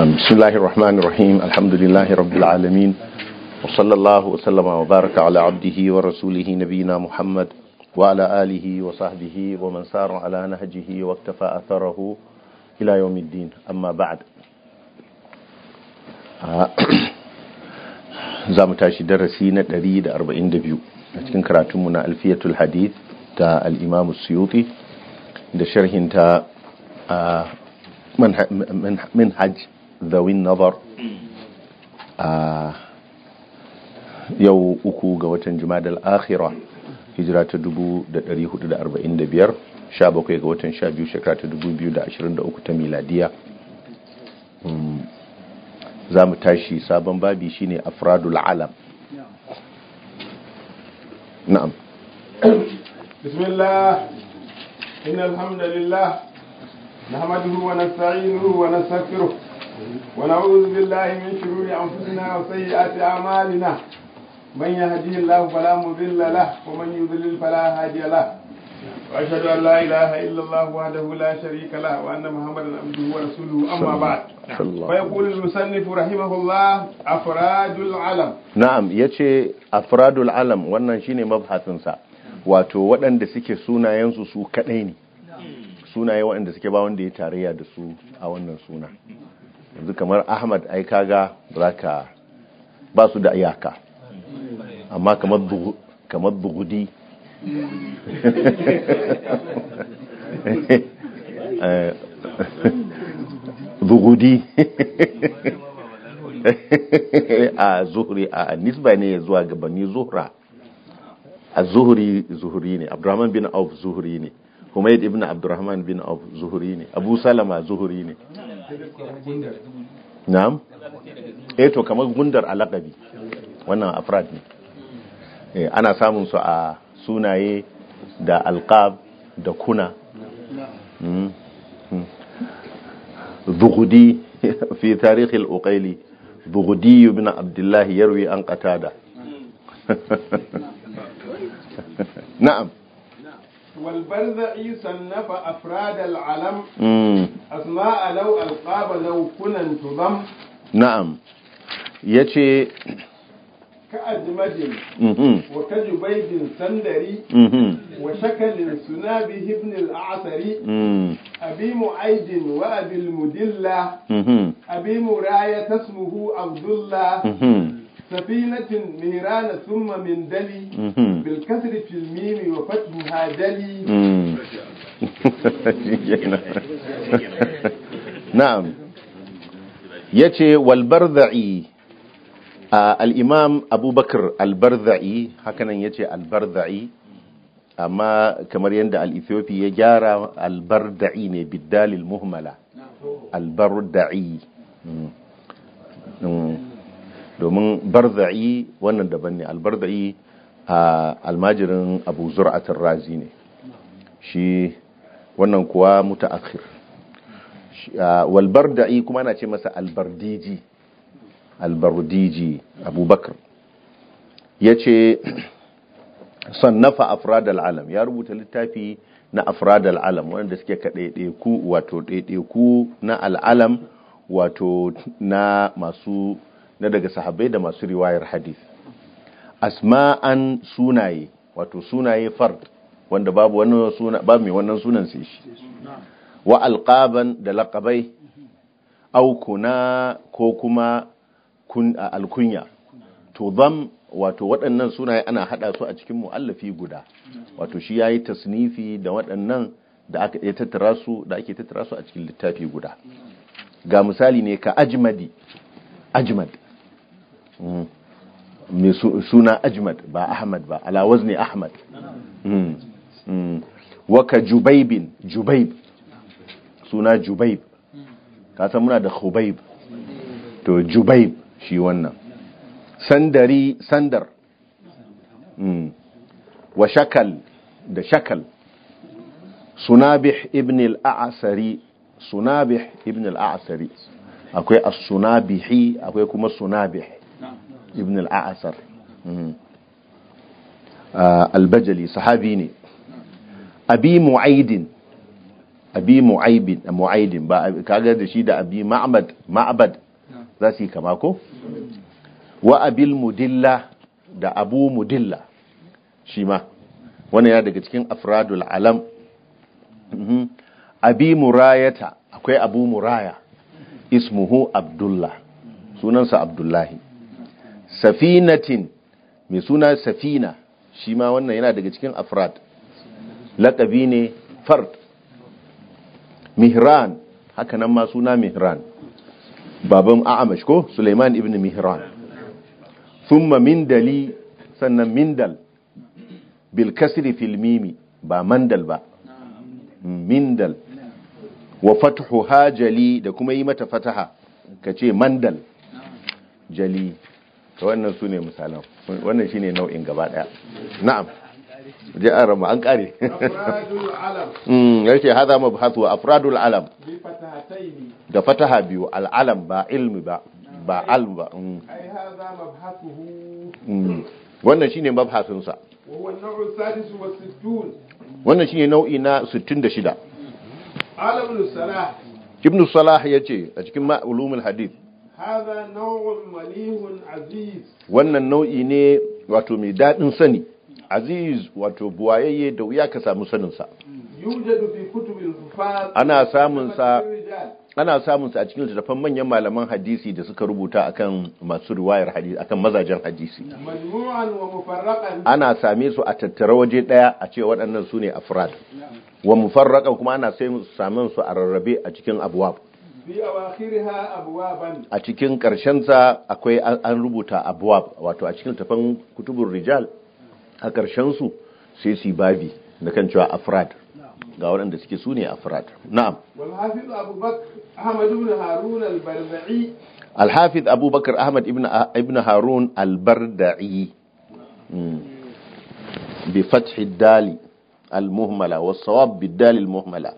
نعم. بسم الله الرحمن الرحيم الحمد لله رب العالمين وصلى الله وسلم وبارك على عبده ورسوله نبينا محمد وعلى آله وصحبه ومن سار على نهجه واكتفى أثره إلى يوم الدين أما بعد آه، زام تاشي درسي دريد أربعين دبيو لكن كراتمنا ألفية الحديث تا الإمام السيوطي da sharhinta manhaj ذوي النظر yau uku ga watan jumadal akhira hijira ta 1445 17 ga watan 12 shekara ta 2023 ta miladiya mm, za mu tashi sabon babi shine afradul alam na'am bismillah innal hamdalillah nahmaduhu wa nasta'inuhu wa nastaghfiruh ونعوذ بالله من شرور أنفسنا وسيئات أعمالنا من يهديه الله فلا مضل له ومن يضلل فلا هادي له وأشهد أن لا إله إلا الله وحده لا شريك له وأن محمدا عبده ورسوله أما بعد فيقول المصنف رحمه الله أفراد العلم نعم يتي أفراد العلم wannan shine mabhasin sa wato waɗanda suke sunayensu su kadai ne sunaye waɗanda suke ba wanda ya tarayya da su a wannan suna yanzu kamar ahmad ai kaga ka ba su da iyaka amma kamar kamar bugudi bugudi eh, a zuhuri a nisba ne zuwa gabani zuhra a zuhuri zuhuri ne abdurrahman bin auf zuhuri ne humaid ibn abdurrahman bin auf zuhuri ne abu salama zuhuri ne na'am eh to kamar gundar a lakabi wannan afrad ne eh, ana samun su a sunaye da alkab da kuna hmm. hmm. zuhudi fi tarihi al-uqayli zuhudi ibn abdullahi yarwi an da na'am والبرزعي صنف أفراد العلم أسماء لو ألقاب لو كنا تضم نعم يتي كأجمد وكجبيد سندري وشكل سنابه ابن الأعثري أبي معيد وأبي المدلة أبي مراية اسمه عبد الله سفينة نيران ثم من دلي بالكسر في الميم وفتحها دلي نعم يتي والبرذعي الإمام أبو بكر البرذعي هكذا يتي البرذعي أما كما يندى الإثيوبي يجارى البردعي بالدال المهملة البردعي domin barza'i wannan daban ne albarza'i a almajirin abu zur'atar razi ne shi wannan kuwa akhir walbarda'i kuma na ce masa albardiji albardiji abubakar ya ce sannafa afradal alam ya rubuta littafi na afradal alam wanda suke ka ɗaiɗaiku wato ɗaiɗaiku na al'alam wato na masu na daga sahabbai da masu riwayar hadith asma'an sunaye wato sunaye fard wanda babu wani suna ba mai wannan sunan sai shi wa alqaban da laqabai au kuna ko kuma kun alkunya to zam wato waɗannan sunaye ana hada su a cikin mu'allafi guda wato shi yayi tasnifi da waɗannan da aka tattara su da ake tattara su a cikin littafi guda ga misali ne ka ajmadi ajmad mai mm. suna ajmad ba ahmad ba ala wazni ahmad mm. mm. waka jubaibin jubaib suna jubaib kasan muna da khubaib to jubaib shi wannan sandari sandar wa shakal da shakal sunabih ibn al'asari Suna sunabih ibn al'asari akwai as-sunabihi akwai kuma sunabih ibn al-a'asar sahabi ne abi mu'aidin abi mu'aidin ba kaga da shi da abi ma'bad za su yi kama ko wa abil mudilla da abu mudilla shi ma wannan ya daga cikin afradul alam abi murayata akwai abu muraya ismuhu abdullah sunansa abdullahi safinatin mai suna safina shi ma wannan yana daga cikin afrat laƙabi ne fard mihran haka nan ma suna mihran baban a'amash ko suleiman ibn mihran thumma mindali sannan mindal bil kasri ba mandal ba hmm, mindal wa fathu hajali da kuma yi mata fataha ce mandal jali to wannan su ne misalan wannan shi ne nau'in gaba daya. na'am je an rama hmm, an ya ce haza mabhatu afradul alam da fataha biyu al'alam ba ilmi ba ba al ba hmm. hmm. wannan shi ne mabhatunsa wannan shi ne nau'i na 66 ibn salah ya ce a cikin ma'ulumin hadith wannan nau'i ne wato mai daɗin sani aziz wato buwayayye da wuya ka samu saninsa ana samunsa ana a cikin littattafan manyan malaman hadisi da suka rubuta akan masu riwayar hadisi akan mazajen hadisi ana same su a tattara waje daya a ce waɗannan su ne afrad wa mufarraqan kuma ana samun su a rarrabe a cikin abwab a cikin ƙarshensa akwai an rubuta abuwa wato a cikin tafan kutubun rijal a ƙarshensu sai su babi da kan cewa afrad ga waɗanda suke su ne afrad na'am alhafiz abubakar ahmad ibn harun albarda'i hmm. bi fathi dali al-muhmala wasu sawab bi dali al-muhmala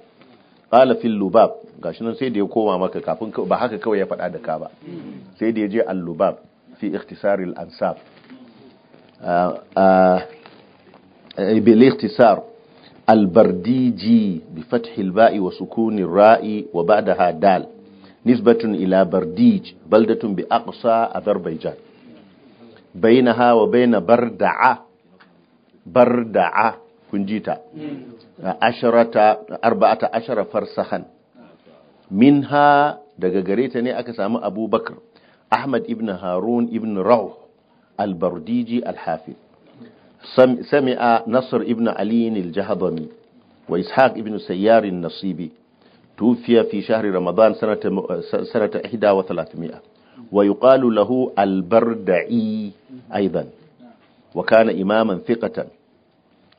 qala fil lubab gashi nan sai da ya koma maka kafin ba haka kawai ya faɗa da ka ba sai da ya je al lubab fi ikhtisar al ansab ah, ah, bil ikhtisar al bardiji bi fathil ba'i wa sukun ra'i wa ba'daha dal nisbatun ila bardij baldatun bi aqsa azerbaijan bainaha wa bain barda'a barda'a كنجيتا عشرة أربعة عشر فرسخا منها دغغريتني أكسام أبو بكر أحمد ابن هارون ابن روح البرديجي الحافظ سمع نصر ابن علي الجهضمي وإسحاق ابن سيار النصيبي توفي في شهر رمضان سنة سنة 1300 ويقال له البردعي أيضا وكان إماما ثقة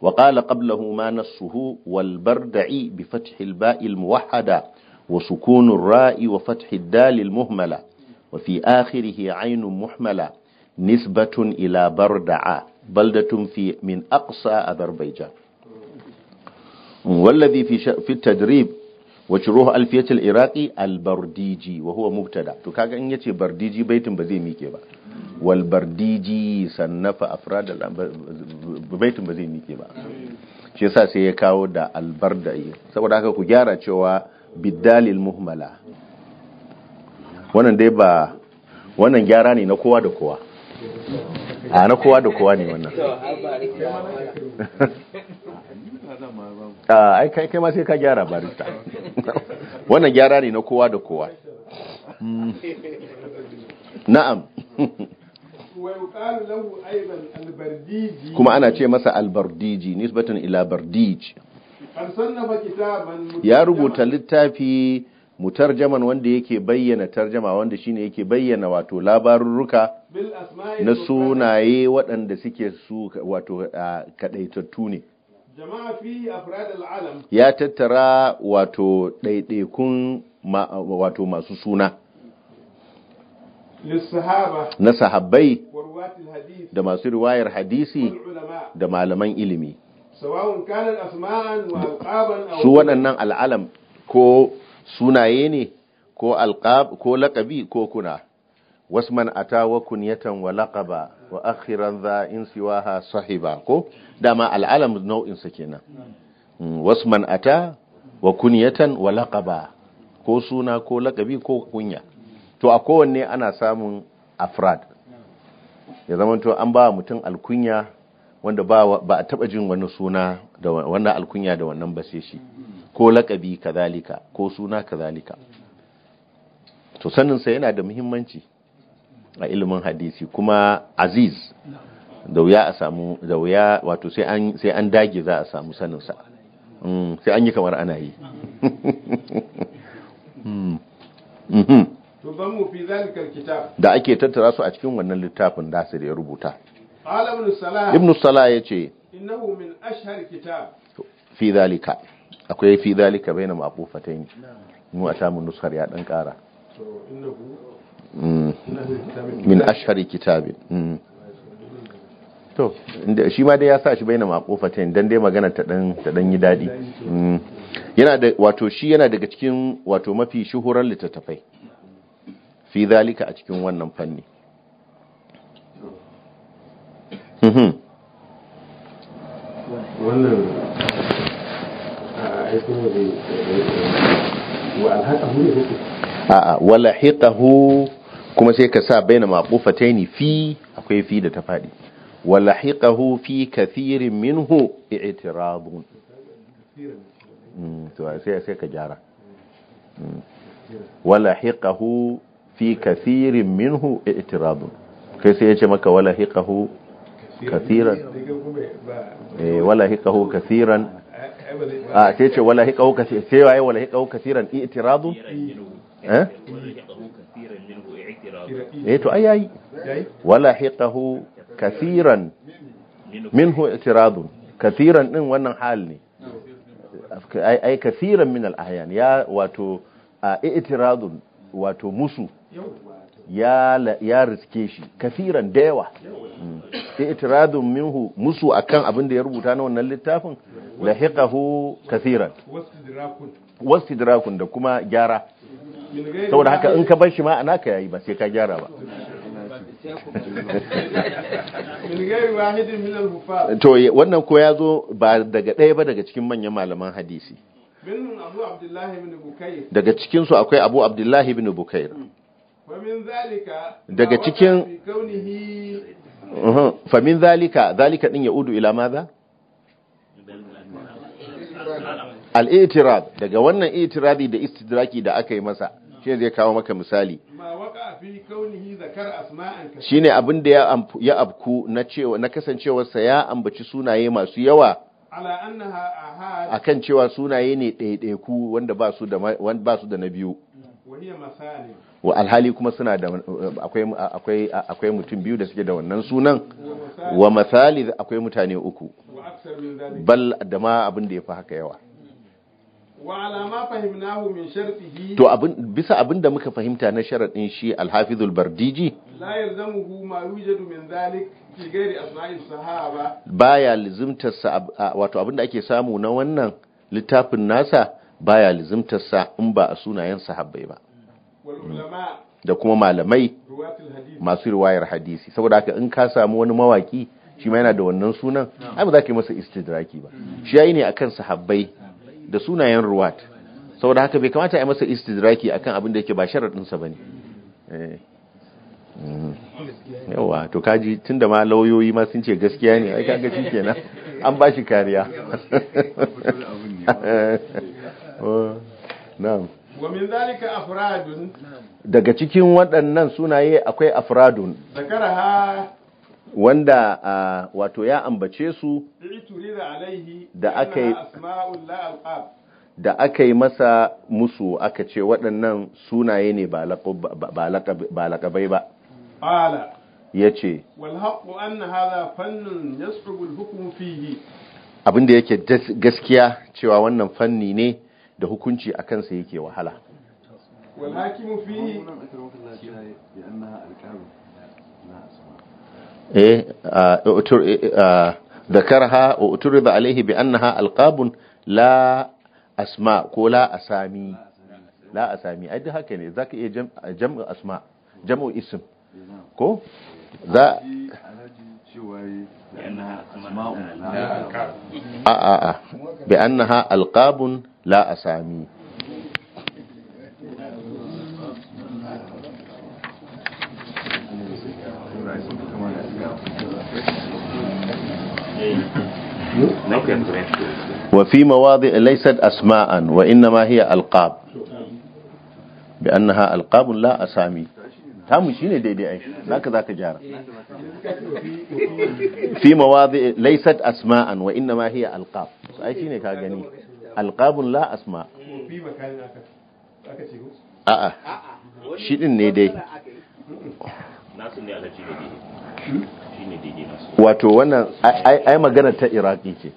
وقال قبله ما نصه والبردع بفتح الباء الموحدة وسكون الراء وفتح الدال المهملة وفي آخره عين محملة نسبة إلى بردع بلدة في من أقصى أذربيجان والذي في, في التدريب وشروه ألفية العراقي البرديجي وهو مبتدأ تكاك أن يتي برديجي بيت بزي ميكي بقى walbardiji sannafa da baitin ba zai miƙe ba shi yasa sai ya kawo da albarda saboda haka ku gyara cewa biddalil muhmala wannan dai ba wannan gyara ne na kowa da kowa a na kowa da kowa ne wannan a kai kai ma sai ka gyara barista wannan gyara ne na kowa da kowa hmm. na'am kuma ana ce masa albardiji nisbatan ila bardij ya rubuta littafi mutarjaman wanda yake bayyana tarjama wanda shine yake bayyana wato labarurruka na sunaye waɗanda suke su wato kadaitattu ne ya tattara wato ɗaiɗaikun wato masu suna na sahabbai da masu riwayar hadisi da malaman ilimi su waɗannan al'alam ko sunaye ne ko alƙab ko laƙabi ko kuna wasman ta wa kunyatan wa laqaba wa akhiran za in siwaha sahiba ko dama al'alam nau'in sa kenan mm, wasman ata wa kunyatan wa laqaba ko suna ko laƙabi ko kunya to a kowanne ana samun afrad ya zama to an ba mutum alkunya wanda ba a taba jin wani suna da wannan alkunya da wannan ba shi ko lakabi kazalika ko suna kazalika to saninsa yana da muhimmanci a ilimin hadisi kuma aziz da wuya a samu da wuya wato an sai an dage za a samu saninsa mm, sai an yi kamar ana yi hmm. mm-hmm. yuzamu fi zalika alkitab da ake tattara su a cikin wannan littafin da sai ya rubuta ibn salah ibn salah yace innahu min ashhar kitab fi zalika akwai fi zalika baina maqufatayn mu a samu nusar ya dan kara mm. min ashhar kitabin mm. to shi ma dai ya sa shi baina maqufatayn dan dai magana ta dan ta dan yi dadi mm. yana da wato shi yana daga cikin wato mafi shuhuran littattafai fi zalika a cikin wannan fanni mhm. wannan a'a kuma sai ka sa baina maqufataini fi akwai fi da ta fadi wala hu fi kathirin minhu i'tiradun mm, to sai sai ka jara mm. wala fi kathirin minhu i'tiradun kai sai ya ce maka wala hiqahu kathiran eh wala hiqahu kathiran a sai ce wala hiqahu kathiran sai waye wala hiqahu kathiran i'tiradun eh eh to ayayi wala hiqahu kathiran minhu i'tiradun kathiran din wannan hal ne ai kathiran min al-ahyan ya wato i'tiradun wato musu ya riske shi kafiran da yawa mm. sai itiradun minhu musu akan abin da ya rubuta na wannan littafin lahiqahu kafiran wasu dirakun da kuma gyara saboda haka in ka bar shi ma ana ka yayi ba sai ka gyara ba to wannan ko ya zo ba daga ɗaya ba daga cikin manyan malaman hadisi daga cikinsu akwai abu abdullahi bin bukair daga cikin famin zalika zalika din ya udu ila maza al’itirad daga wannan itiradi da istidraki da aka yi masa shi zai kawo maka misali shi ne abin da ya abku na kasancewarsa ya ambaci sunaye masu yawa a kan cewa sunaye ne ɗaiɗaiku wanda ba su da na biyu wa alhali kuma suna da akwai mutum biyu da suke da wannan sunan wa mathali akwai mutane uku bal da ma abin da ya fi haka yawa to bisa abin da muka fahimta na sharaɗin shi alhafizul bardiji baya lazimta wato abin da ake samu na wannan littafin nasa baya lizimtarsa in ba a sunayen sahabbai ba da kuma malamai masu riwayar hadisi saboda haka in ka samu wani mawaki shi ma yana da wannan sunan ai ba za ka yi masa istidraki ba shi yayi ne akan sahabbai da sunayen ruwat saboda haka bai kamata a yi masa istidraki akan abin da yake ba sharadin sa bane eh. mm. yawa to kaji tunda ma lauyoyi ma sun ce gaskiya ne ai kaga kenan an ba shi kariya na'am daga cikin waɗannan sunaye akwai afradun zakaraha wanda wato ya ambace su da aka yi da aka yi masa musu aka ce waɗannan sunaye ne ba laƙabai ba ya ce abinda yake gaskiya cewa wannan fanni ne da hukunci a kansa yake wahala Da ذكرها واعترض عليه بانها القاب لا اسماء ko la asami la asami ai duk haka ne zaka iya jam'u asma jam'u isim. ko za a a a bi annaha alqabun لا أسامي وفي مواضع ليست أسماء وإنما هي ألقاب بأنها ألقاب لا أسامي تامشيني دي دي أيش لك ذاك جارة في مواضع ليست أسماء وإنما هي ألقاب سأيشيني كاغني alqabun la asma a'a shi din ne dai hmm? wato wannan ai magana ta iraki ce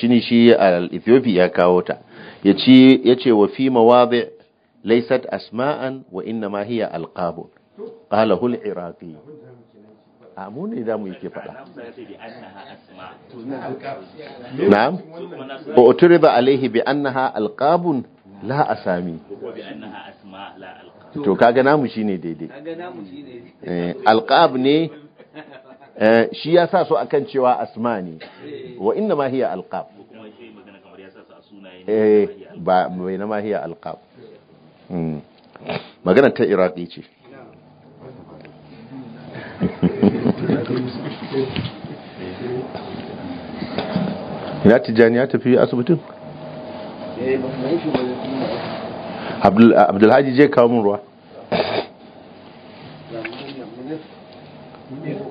shi ne shi al-ethiopia ya kawo ta ya ce wa fi mawazi laysat asma'an wa inna ma hiya alqabun qalahu al Iraki. a mu ne za mu yake faɗa na'am wa uturiba alaihi bi annaha alqabun la asami to kaga namu shine daidai eh, alqab ne eh, shi ya sa so akan cewa asma ne eh. wa inna ma hiya alqab eh ba bai na ma alqab hmm. magana ta iraqi ce ina tijjani ya tafi asibitin abdulhaji je kawo mun ruwa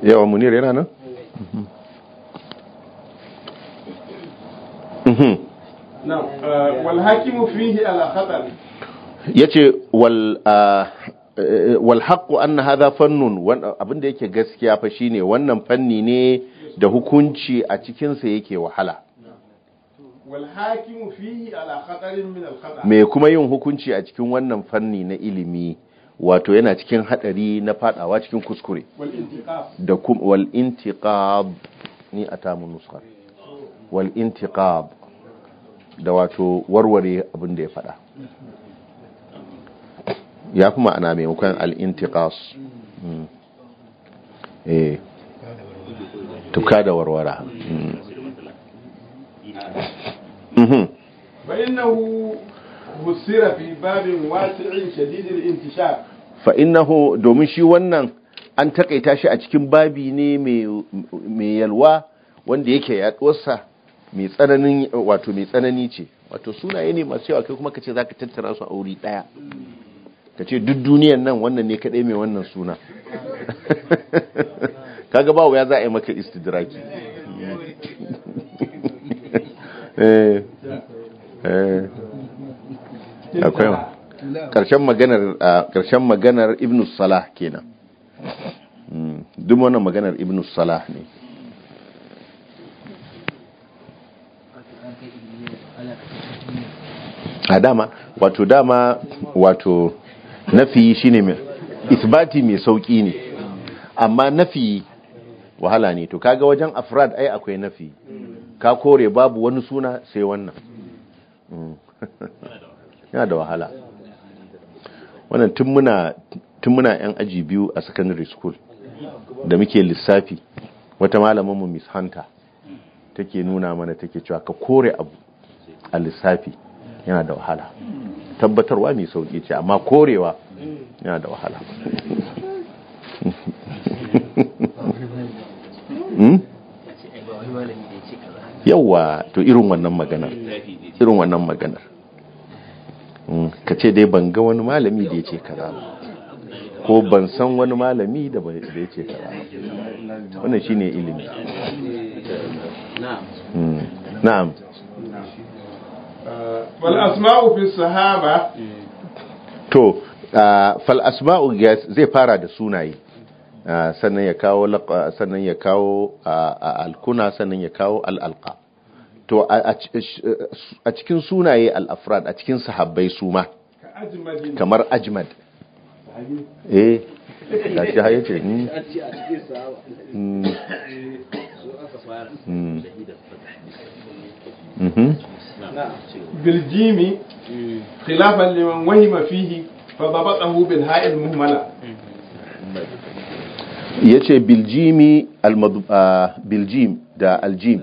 yawa munir yana nan mhm. uh, walhakimu fihi ala khatar yace wal uh, wal haqqu anna fannun abin da yake gaskiya fa shine wannan fanni ne da hukunci a cikin yake wahala mai me kuma yin hukunci a cikin wannan fanni na ilimi wato yana cikin hadari na fadawa cikin kuskure da kum wal intiqab ni atamu nuskhar wal intiqab da wato warware abin da ya fada ya fi ma'ana maimakon al'intiƙas hmm. eh. tuka da warwara hmm. mhm. fa'innahu domin shi wannan an taƙaita shi a cikin babi ne mai yalwa wanda yake yaɗuwarsa mai tsanani wato mai tsanani ce wato sunaye ne masu yawa kai kuma ka ce za ka tattara su a wuri ɗaya ka ce duk duniyan nan wannan ne kaɗai mai wannan suna kaga ba ya za a yi maka istidraki eh, eh. akwai ƙarshen maganar ibn salah kenan hmm, duk wannan maganar ibn salah ne a dama wato dama wato nafi shi ne isbati mai sauki ne amma nafi wahala ne to kaga wajen afrad ai akwai nafi ka kore babu wani suna sai wannan mm. yana da wahala wannan tun muna tun yan aji biyu a secondary school da muke lissafi wata malamin mu Miss Hunter take nuna mana take cewa ka kore abu a lissafi yana da wahala tabbatarwa mai sauki ce amma korewa mm. yana da wahala hmm? yauwa to irin wannan maganar irin wannan maganar hmm, ka ce dai ban ga wani malami da ya ce kaza ko ban san wani malami da ya ce kaza wannan shine ilimi na'am hmm, fal asma'u fi sahaba to fal zai fara da sunaye sannan ya kawo sannan ya kawo alkuna sannan ya kawo al'alqa to a cikin sunaye al'afrad a cikin sahabbai su ma kamar ajmad eh da shi haye ce ni a بالجيم خلافا لمن وهم فيه فضبطه بالهاء المهملة yace biljimi biljim da aljim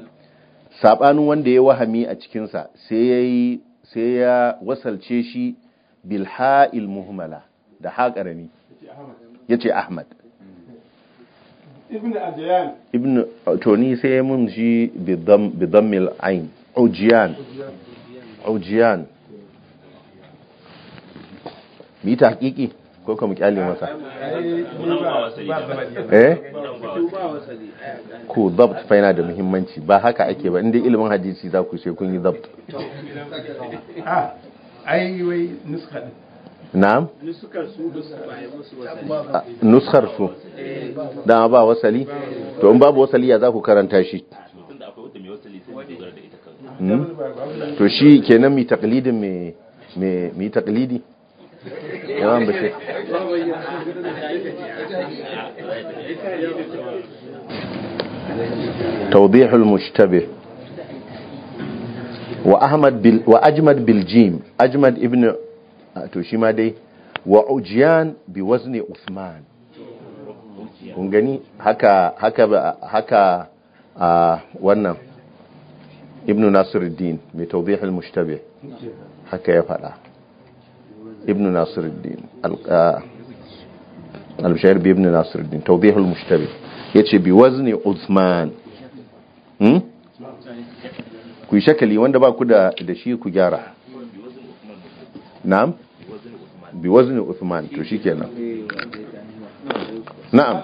sabanin wanda ya wahami a cikinsa sai ya wasalce shi bil ha'il da ha yace ahmad ibn toni sai mun shi bidammil ain ujiyan ujiyan mi ta hakiki ko ka mu kyale masa eh ko dabt fa yana da muhimmanci ba haka ake ba inda ilimin hadisi za ku sai kun yi dabt ah, ai wai nuska na'am nuskar su ba wasali to in babu wasali ya za ku karanta shi Hmm? to shi kenan mi taklidin me me mi taklidi yawan bashi توضيح المشتبه Ajmad بال وأجمد بالجيم أجمد ابن توشيما دي وعجيان بوزن عثمان kun gani haka haka haka a wannan ibnu nasiruddin mai taubihul mushtabe haka ya faɗa ibnu nasiruddin al-bashir ah, bi ibnu nasiruddin taubihul Ya ce, bi wazni uthman hmm? Ku yi shakali wanda ba ku da da shi ku gyara na'am bi wazni uthman to shi shikenan na'am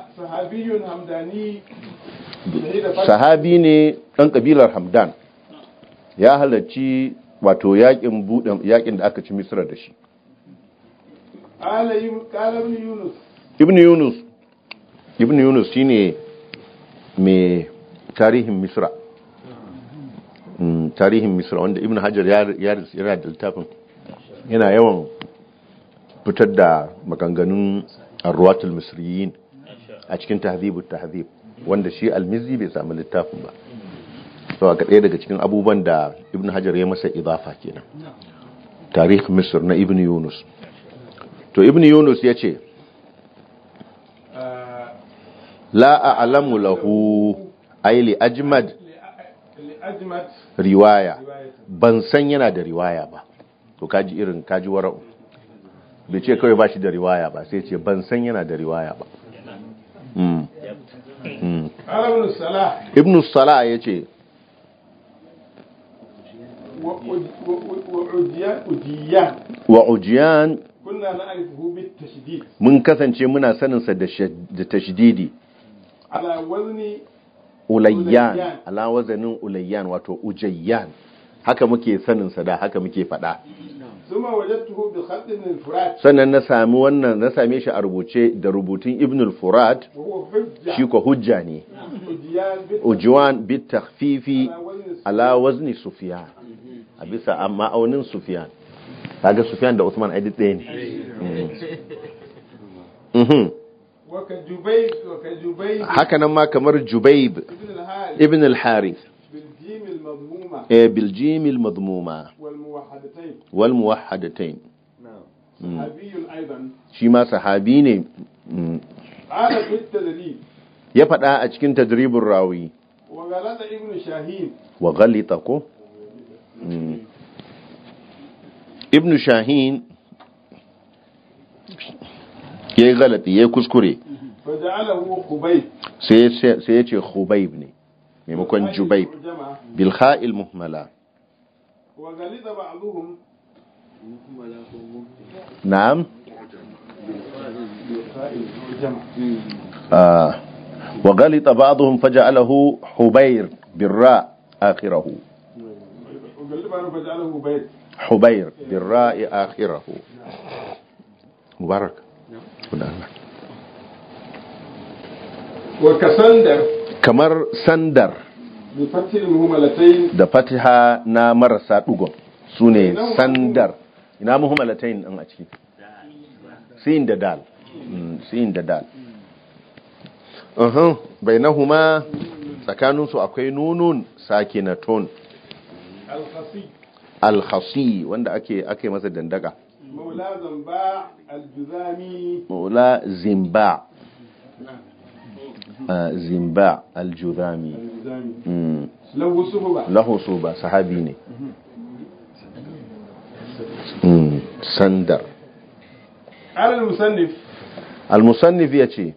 sahabi ne dan kabilar hamdan ya halarci wato yakin buɗe yakin da aka ci misra da shi ibn yunus ibn yunus shine mai tarihin misra mm, tarihin misra wanda ibn hajar yana da littafin yana yawan fitar da maganganun arwatul misriyin a cikin tahzibu tahzib wanda shi almizi bai samu littafin ba zuwa ga ɗaya daga cikin abubuwan da ibn hajar ya masa idafa kenan tarih Misir na ibn yunus to ibn yunus ya ce la'a a'lamu lahu aili ajimad ajmad riwaya ban san yana da riwaya ba to kaji irin kaji wara'u bai ce kawai ba shi da riwaya ba sai ce ban san yana da riwaya ba hmm. Hmm. ibn salah ya ce wa ujiyan mun kasance muna saninsa da tashdidi ulayyan ala wazanin ulayyan wato ujayyan haka muke saninsa da haka muke faɗa sannan na sami wannan na same shi a rubuce da rubutun ibnul furat shi ko hujja ne ujiwan bit fifi, ala wazni sufiyan a bisa amma aunin Sufyan kaga Sufyan da Usman ai ɗaya ne haka nan ma kamar Jubaib ibn al-Harith بالجيم المضمومة والموحدتين صحابي أيضا شما صحابي ne قال في التدريب يفدا a cikin tadribur rawi wa galata ibn shahin wa galita ko ابن شاهين يا غلطي يا كسكري فجعله خبيب سي سي خبيب ني ميمكن جبيب بالخاء المهمله وغلط بعضهم نعم آه. وغلط بعضهم فجعله حبير بالراء اخره حبير بالراء آخره مبارك وكسندر كمر سندر da fatiha na marasa dugon ne sandar ina muhammalatain ɗan a ciki Siyin da dal mm, siyin da dal na bainahuma tsakaninsu akwai nunun na ton. alhasi wanda ake ake masa dandaka maula zamba aljuzami maula zimba ah, zimba hmm. lahu suba sahabi ne mm-hmm. hmm, sandar al-musannif ya ce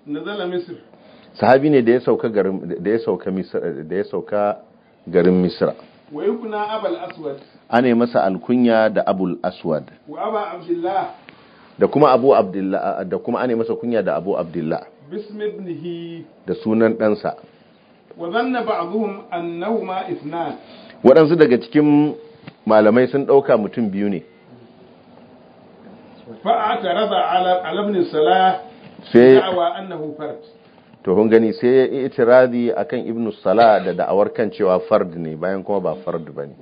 sahabi ne da ya sauka garin misira. da ya sauka garin misra wa yukuna abal aswad masa alkunya da abul aswad abdullah da kuma abu abdullah masa kunya da abu abdullah da sunan ɗansa wa zanna annahuma waɗansu daga cikin malamai sun ɗauka mutum biyu ne fa'ata raba ala Sala. sai to kun gani sai ya itirazi akan ibn sala da da'awar kan cewa fard ne bayan kuma ba fard bane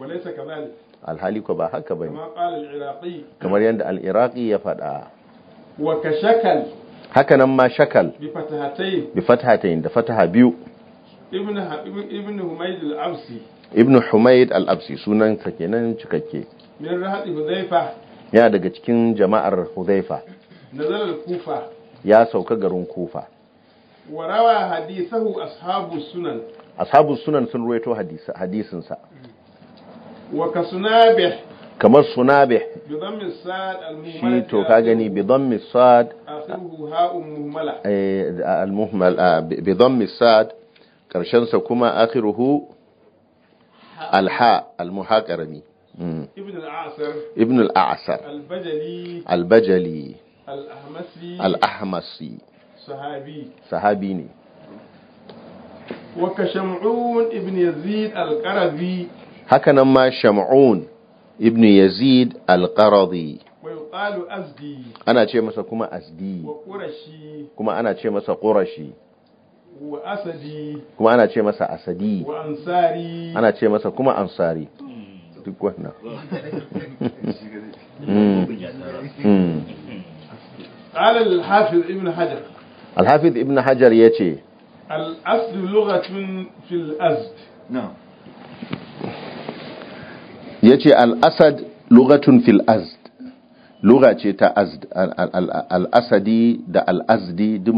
alhali ko ba haka bane kamar yadda al-iraqi ya faɗa wa kashakal shakal haka nan ma shakal bi fathatayn da fataha biyu ibn ibn humayd al-absi ibn humayd al-absi sunan sa kenan cikakke min rahadi hudhaifa ya daga cikin jama'ar hudhaifa nazar al-kufa ya sauka garin kufa warawa hadisahu ashabu sunan ashabu sunan sun ruwaito hadisin sa wa kasunabih kamar sunabih shi to ka gani bi dhammi sad al muhmal bi dhammi karshen sa kuma akhiruhu alha almuhakarami hmm. ibn al-a'sar al صحابي صحابي ني وكشمعون ابن يزيد القرضي هكا نما شمعون ابن يزيد القرضي ويقال أزدي أنا أتشي مسا كما أزدي وقرشي كما أنا أتشي مسا قرشي وأسدي كما أنا أتشي مسا أسدي وأنصاري أنا أتشي مسا كما أنصاري تكوهنا قال الحافظ ابن حجر alhafiz ibn hajar ya ce al'asli lugatun fil azd ya ce lura ce ta al'asadi da al'azdi duk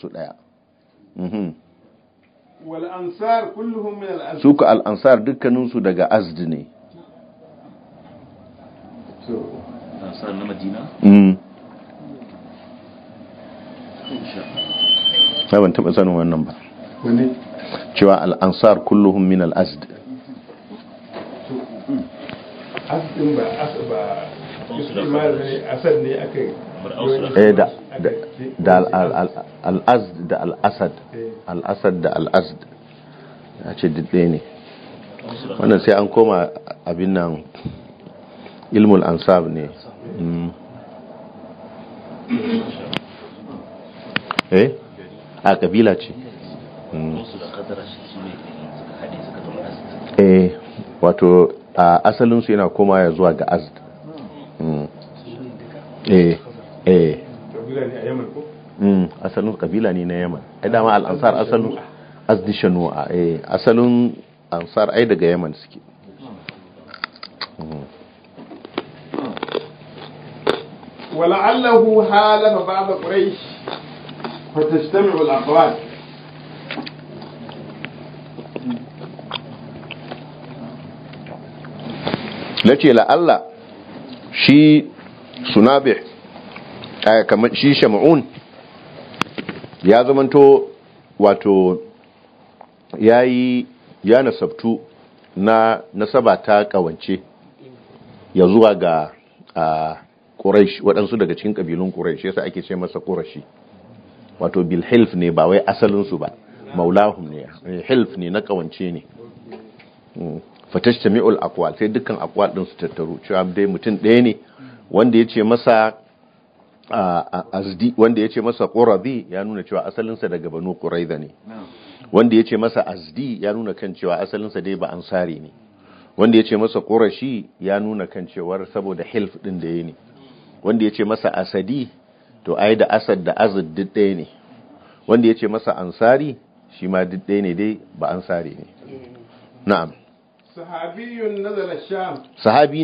su ɗaya mhm. suka al'ansar dukkaninsu daga azd ne ya ban taba sanin wannan ba cewa al'ansar kulluhun min al'azd eh, da al'azd da al'asad al'asad da al'azd eh. ya ce dide ne wannan sai an koma abin nan ilmul ansar ne mm. eh a kabila ce hmm. eh wato a asalinsu yana koma ya zuwa ga azd hmm. eh eh hmm, asalin kabila ne na yaman ai dama al'ansar asalin azdi azdishanuwa eh asalin ansar ai daga yaman suke wala'allahu halafa da quraish فتجتمع الأقوال na ce la'alla shi sunabih kamar shi shamu'un ya zamanto wato ya nasabtu na nasaba ta kawance ya zuwa ga ƙuraish waɗansu daga cikin ƙabilun ƙuraish yasa ake ce masa ƙurashi wato bil hilf ne ba wai asalinsu ba maulahum ne eh, hilf ne na kawance ne jami'ul mm. aqwal sai dukkan aqwal din su tattaru cewa dai mutum ɗaya ne wanda yace masa azdi wanda yace masa qurabi ya nuna cewa asalin daga banu quraiza ne wanda yace masa azdi ya nuna kan cewa asalin dai ba ansari ne wanda yace masa qurashi ya nuna kan cewa saboda hilf din da yayi ne wanda yace masa asadi to ai da asad da azud duk ɗaya ne wanda ya ce masa ansari shi ma duk ɗaya ne dai ba ansari ne na'am sahabi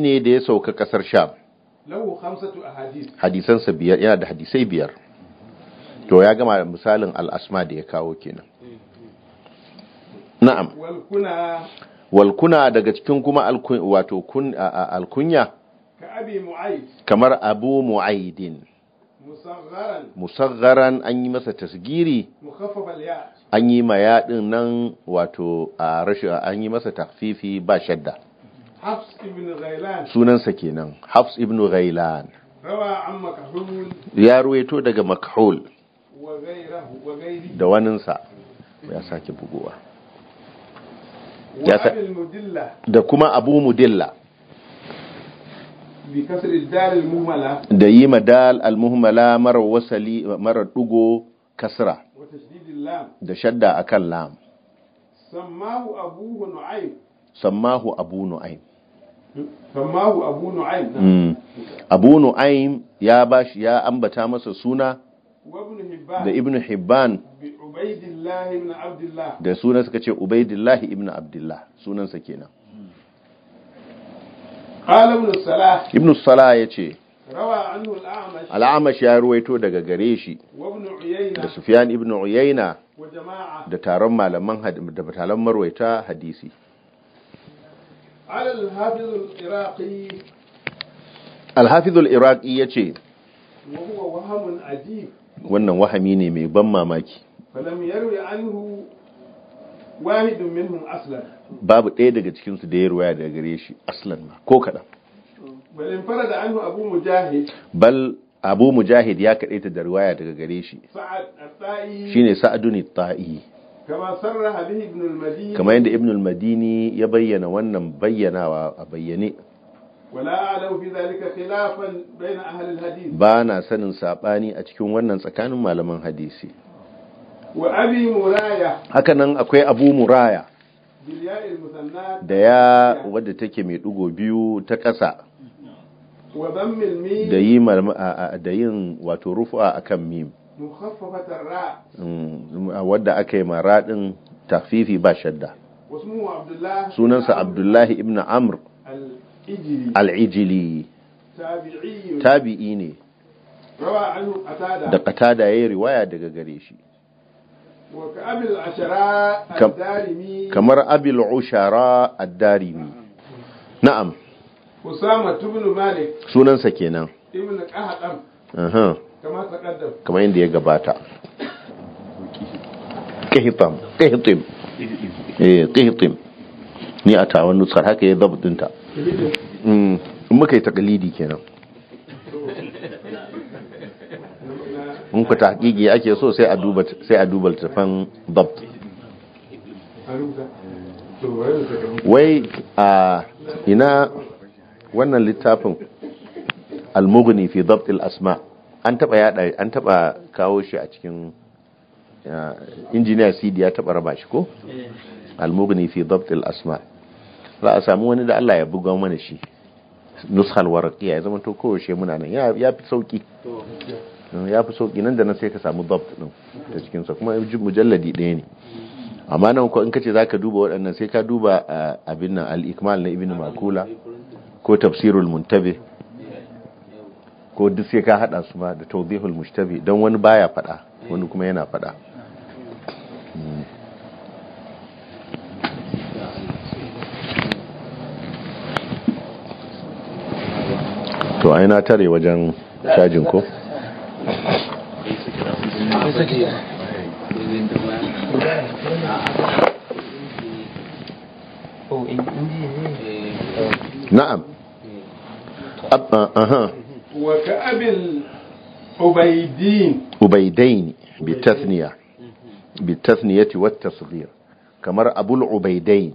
ne da ya sauka kasar sham Hadisansa biyar yana da hadisai biyar to ya gama misalin al'asma da ya kawo kenan na'am walkuna daga cikin kuma alkunya kamar abu mu'aydin musaggaran an yi masa tasgiri an yi ma yaɗin nan wato a rashin an yi masa takfifi ba shadda sunansa kenan hafs ibn ghailan ya ruwaito daga makhul da waninsa ya sake bugowa da kuma abu mudilla da yi ma dal al-muhmala mara wasali mara dugo kasra da shadda akan lam sammahu abu nu'aym sammahu abu nu'aym sammahu abu nu'aym mm. abu nu'aym ya bashi ya ambata masa suna da ibn hibban da suna suka ce ubaidillahi ibn abdullah sunansa kenan ibn salah ya ce al'amash ya ruwaito daga gare shi da sufyan ibn uyaina da taron malaman da batalan marwaita hadisi alhafizul iraqi ya ce wannan wahami ne mai ban mamaki wahidun babu ɗaya daga cikinsu da ya ruwaya daga gare shi aslan ma ko kaɗan bal abu mujahid bal abu mujahid ya kaɗaita da ruwaya daga gare shi shine sa'adun ta'i kama yadda ibn al-madini ya bayyana wannan bayyanawa a bayyane ba na sanin saɓani a cikin wannan tsakanin malaman hadisi haka nan akwai abu muraya da ya wadda take mai ɗigo biyu ta ƙasa da yi yin wato a akan mim mm, wadda aka yi maradin tafifi ba shadda sunansa abdullahi ibn amr al'ijili tabi'i ne da ƙatada ya yi riwaya daga gare shi kamar abil ushara ad-darimi na'am usama ibn malik sunansa kenan ibn qahdam aha kama taqaddam kamar yadda ya gabata qihtam qihtim eh qihtim ni a tawon nutsar haka ya dabdinta mm muka yi taqlidi kenan in ku ake so sai a duba sai a tafan wai a ina wannan littafin al-mughni fi dabt al-asma an taba yada an taba kawo shi a cikin injiniya CD ya taba raba shi ko al-mughni fi dabt al-asma za a samu wani da Allah ya buga mana shi nushal warqiya ya zama to kowace muna nan ya fi sauki ya fi sauki nan da nan sai ka samu dabt din ta cikin sa kuma mujalladi ɗaya ne amma nan ko in kace zaka duba waɗannan sai ka duba eh, abin nan al-ikmal na ibnu makula ko tafsirul muntabi ko duk sai ka hada su ma da tawdihul mushtabi dan wani baya fada wani kuma yana fada hmm. to ai na tare wajen cajin ko na'am aha wa ka bi tasniya bi tasniyati wat tasghir kamar abul ubaidain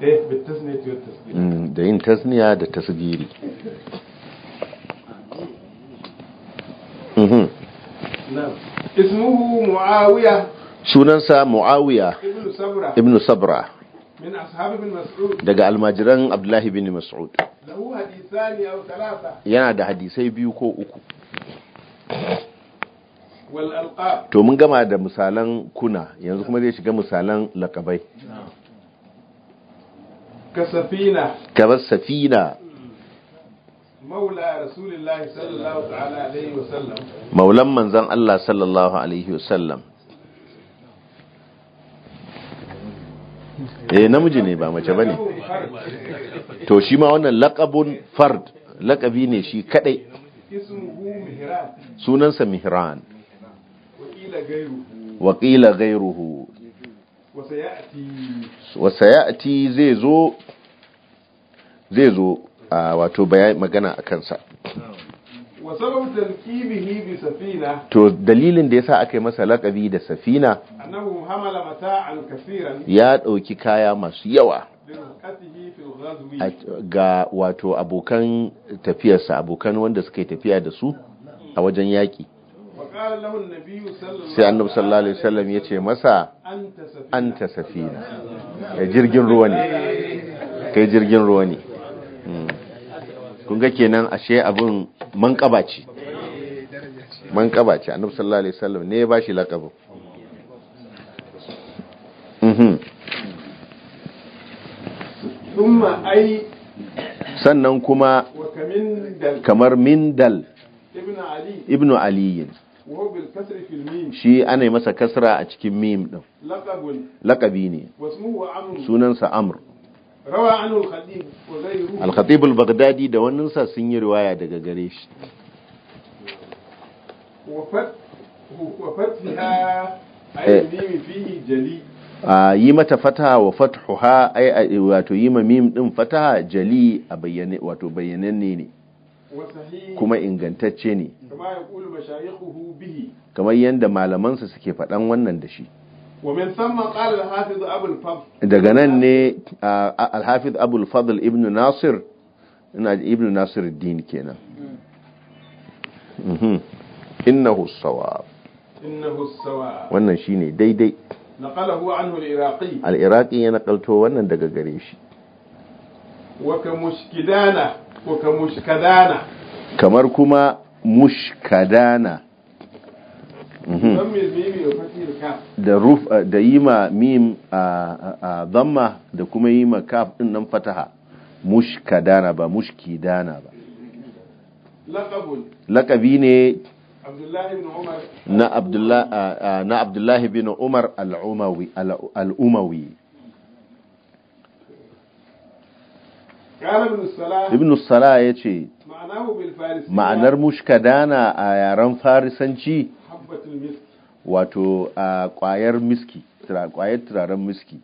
eh bi da yin tasniya da tasghiri ismuhu muawiya sunansa muawiya ibn sabra daga almajiran abdullahi bin mas'ud yana da hadisai biyu ko uku to mun gama da misalan kuna yanzu kuma zai shiga misalan lakabai kasafina safina maula rasulillahi maulan manzon Allah sallallahu alaihi wasallam eh namiji ne ba mace bane to shi ma wannan laqabun fard laqabi ne shi kadai sunansa mihran Wakila gairuhu Wasa zai zo zai zo wato magana a kansa to dalilin da ya sa aka yi masa lakabi da safina ya ɗauki kaya masu yawa ga wato abokan tafiyarsa abokan wanda suka yi tafiya da su a wajen yaƙi sai annabi sallallahu alaihi wasallam ya ce masa anta safina jirgin ruwa ne kai jirgin ruwa ne kun ga kenan ashe abin man ce manƙaba ce annabi sallallahu alaihi wasallam ne ya bashi mhm. ai sannan kuma kamar mindal ibnu ali aliyin shi ana yi masa kasra a cikin mim din laƙabi ne sunansa amr rawa anhu al-khatib wa ghayruhu al da wannan sa sun yi riwaya daga gare shi wa fathiha ay mim fihi yi mata fataha wa fathuha ai wato yi ma mim din fataha jali a bayyane wato bayyananne ne kuma ingantacce ne kamar yadda malamansa suke faɗan wannan da shi daga nan ne alhafiz abul fadl ibn nasir ina ibn nasir din kenan hmm. mhm. innahu sawab innahu sawab wannan shine daidai naqalahu anhu al-iraqi al-iraqi ya naqalto wannan daga gare shi wa ka mushkidana wa ka mushkadana kamar kuma mushkadana Mhm. da ruf eh, da yi ma mim a zama da kuma yi ma kaf din nan fataha mushkadana ba mushkidana ba laqabi ne na abdullahi bin umar al'umawi ibn sala ya ce ma'anar mushkadana a yaren farisanci wato a kwayar miski kwayar turaren miski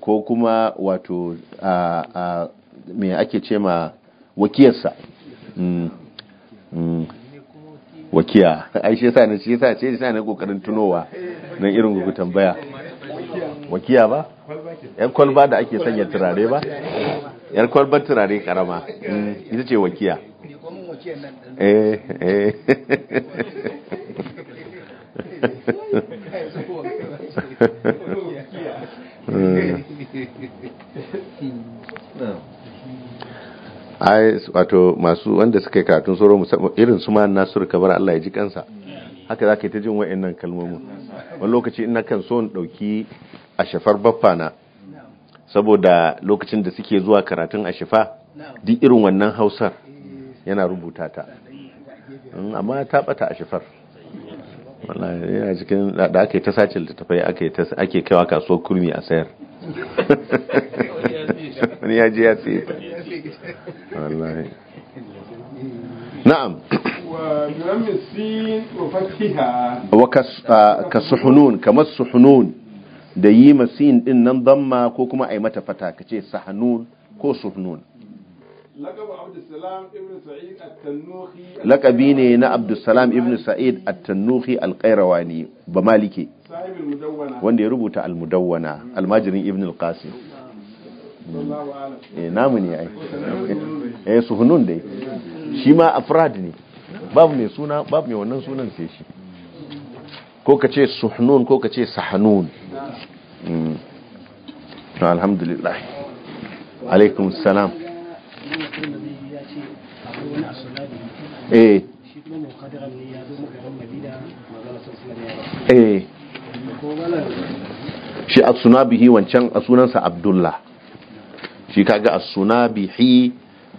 ko kuma wato a me ake ce ma wakiyarsa mm, mm. wakiya ai shi yasa ne shi yasa ce yasa ne kokarin tunowa nan irin ku tambaya wakiya ba yan kwalba da ake sanya turare ba yan kwalbar turare karama mm, ita ce wakiya Eh, eh. Mm. ai wato masu wanda suka karatun sauro musamman irin su ma'an nasiru kamar Allah ya ji kansa haka za ka yi ta jin wa'annan kalmomin wani lokaci ina kan so in ɗauki a shafar baffa na? saboda lokacin da suke zuwa karatun a shafa duk irin wannan hausar yana rubuta ta mm, amma ta bata a shifar yana cikin da aka yi ta sace littattafai ake kaiwa kasuwar kurmi a sayar wani ya je ya tsaye ta wallahi na'am wa ka suhunun kamar suhunun da yi masin din nan damma ko kuma a yi mata fata ka ce sahanun ko suhunun lakabi ne na abdulsalam ibn sa'id at-tannuhi al-qairawani ba maliki wanda ya rubuta al-mudawwana almajirin ibn al-qasim eh namu ne ai eh suhunun dai shi ma afrad ne babu mai suna babu mai wannan sunan sai shi ko ka ce suhnun ko ka ce sahanun alhamdulillah alaikum salam eh a shi as eh. wancan a sunansa abdullah shi kaga suna sunabihi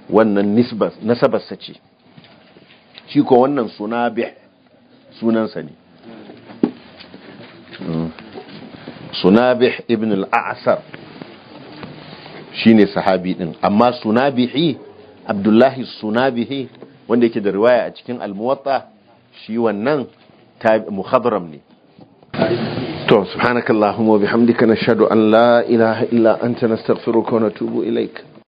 wannan nasabarsa ce shi ko wannan sunabih sunansa ne hmm. sunabih ibn al-a'sar shine sahabi din amma sunabihi abdullahi sunabihi wanda yake da riwaya a cikin almuwatta shi wannan muhadram ne to subhanakallahumma wa bihamdika nashhadu an la ilaha illa anta nastaghfiruka wa natubu ilaik